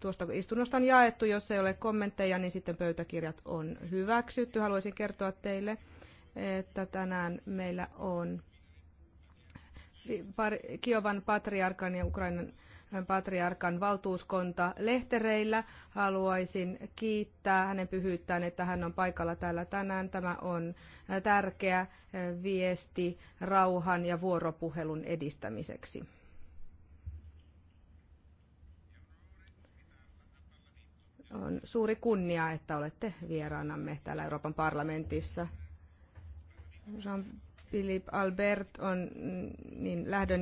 tuosta istunnosta on jaettu. Jos ei ole kommentteja, niin sitten pöytäkirjat on hyväksytty. Haluaisin kertoa teille, että tänään meillä on Kiovan patriarkan ja Ukrainan patriarkan valtuuskunta lehtereillä. Haluaisin kiittää hänen pyhyyttään, että hän on paikalla täällä tänään. Tämä on tärkeä viesti rauhan ja vuoropuhelun edistämiseksi. On suuri kunnia, että olette vieraanamme täällä Euroopan parlamentissa. Jean-Philippe Albert on mm, niin lähdön